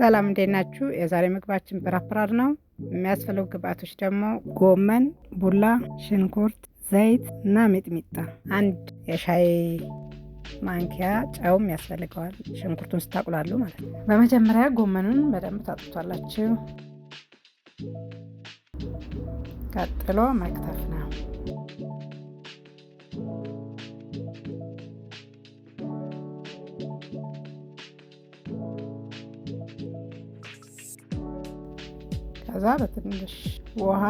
ሰላም እንዴት ናችሁ? የዛሬ ምግባችን ብራፕራድ ነው። የሚያስፈልጉ ግብአቶች ደግሞ ጎመን፣ ቡላ፣ ሽንኩርት፣ ዘይት እና ሚጥሚጣ፣ አንድ የሻይ ማንኪያ ጨውም ያስፈልገዋል። ሽንኩርቱን ስታቁላሉ ማለት ነው። በመጀመሪያ ጎመኑን በደንብ ታጥቷላችሁ። ቀጥሎ መክተፍ ነው። ከዛ በትንሽ ውሃ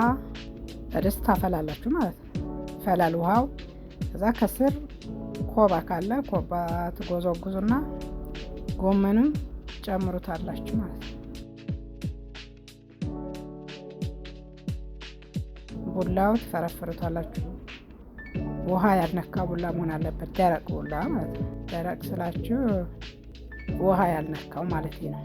በደስ ታፈላላችሁ ማለት ነው። ፈላል ውሃው። ከዛ ከስር ኮባ ካለ ኮባ ትጎዘጉዙና ጎመንም ጨምሩታላችሁ ማለት ነው። ቡላው ትፈረፍሩታላችሁ። ውሃ ያልነካ ቡላ መሆን አለበት። ደረቅ ቡላ ማለት ነው። ደረቅ ስላችሁ ውሃ ያልነካው ማለት ነው።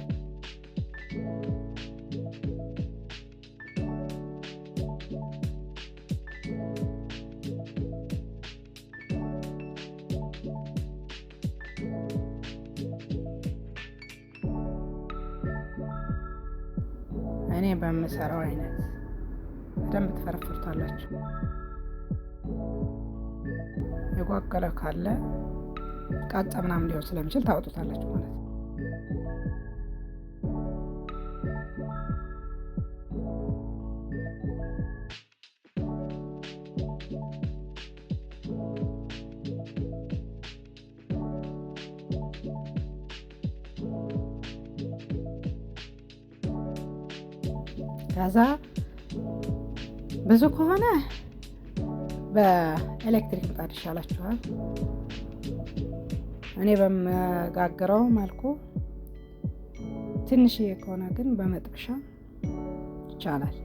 በምሰራው አይነት በደንብ ትፈረፍሩታላችሁ። የጓገለ ካለ ቃጫ ምናምን ሊሆን ስለሚችል ታወጡታላችሁ ማለት ነው። ከዛ ብዙ ከሆነ በኤሌክትሪክ ምጣድ ይሻላችኋል። እኔ በምጋግረው መልኩ ትንሽዬ ከሆነ ግን በመጥበሻ ይቻላል።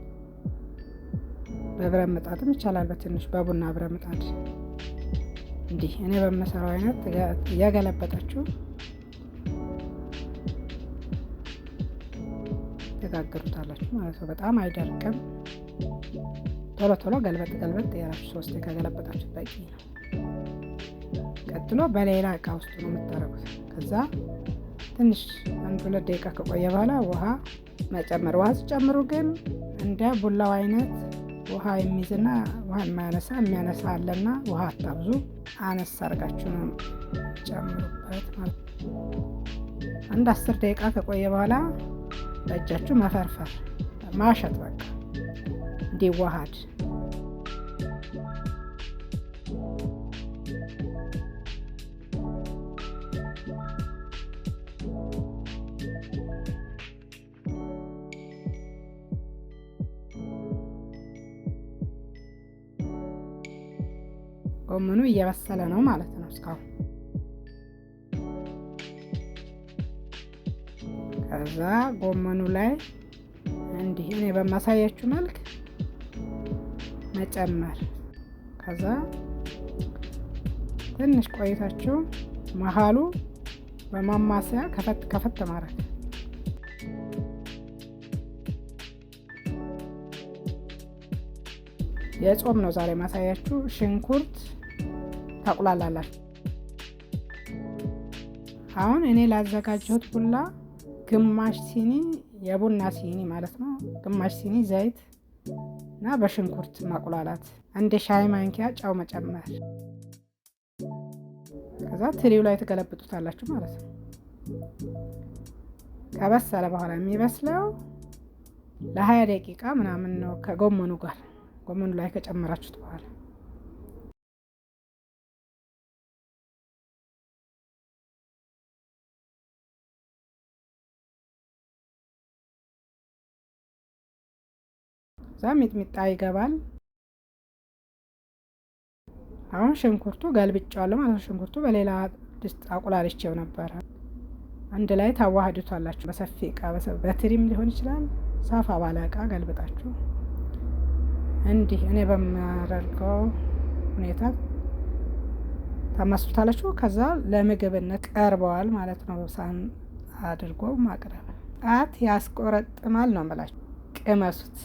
በብረት ምጣድም ይቻላል። በትንሽ በቡና ብረት ምጣድ እንዲህ እኔ በምሰራው አይነት እያገለበጣችሁ ትጋግሩታላችሁ ማለት ነው። በጣም አይደርቅም። ቶሎ ቶሎ ገልበጥ ገልበጥ የራሱ ሶስት ከገለበጣችሁ በቂ ነው። ቀጥሎ በሌላ እቃ ውስጥ ነው የምታደርጉት ከዛ ትንሽ አንድ ሁለት ደቂቃ ከቆየ በኋላ ውሃ መጨመር። ውሃ ሲጨምሩ ግን እንደ ቡላው አይነት ውሃ የሚይዝና ውሃ የማያነሳ የሚያነሳ አለና ውሃ አታብዙ። አነስ አድርጋችሁ ነው ጨምሩበት ማለት ነው። አንድ አስር ደቂቃ ከቆየ በኋላ በእጃችሁ መፈርፈር ማሸት በቃ እንዲዋሃድ ጎመኑ እየበሰለ ነው ማለት ነው እስካሁን ከዛ ጎመኑ ላይ እንዲህ እኔ በማሳያችሁ መልክ መጨመር ከዛ ትንሽ ቆይታችሁ መሀሉ በማማሰያ ከፈት ከፈት ማድረግ የጾም ነው ዛሬ ማሳያችሁ። ሽንኩርት ታቁላላላችሁ። አሁን እኔ ላዘጋጀሁት ቡላ ግማሽ ሲኒ የቡና ሲኒ ማለት ነው። ግማሽ ሲኒ ዘይት እና በሽንኩርት ማቁላላት፣ አንድ ሻይ ማንኪያ ጨው መጨመር፣ ከዛ ትሪው ላይ ትገለብጡታላችሁ ማለት ነው። ከበሰለ በኋላ የሚበስለው ለሀያ ደቂቃ ምናምን ነው ከጎመኑ ጋር ጎመኑ ላይ ከጨመራችሁት በኋላ ከዛ ሚጥሚጣ ይገባል። አሁን ሽንኩርቱ ገልብጫዋለሁ ማለት ነው። ሽንኩርቱ በሌላ ድስት አቁላልቼው ነበረ። አንድ ላይ ታዋህዱታላችሁ። በሰፊ እቃ በትሪም ሊሆን ይችላል። ሳፋ ባለ እቃ ገልብጣችሁ እንዲህ እኔ በማደርገው ሁኔታ ታማስሉታላችሁ። ከዛ ለምግብነት ቀርበዋል ማለት ነው። ሳን አድርጎ ማቅረብ አት ያስቆረጥማል ነው የምላችሁ። ቅመሱት።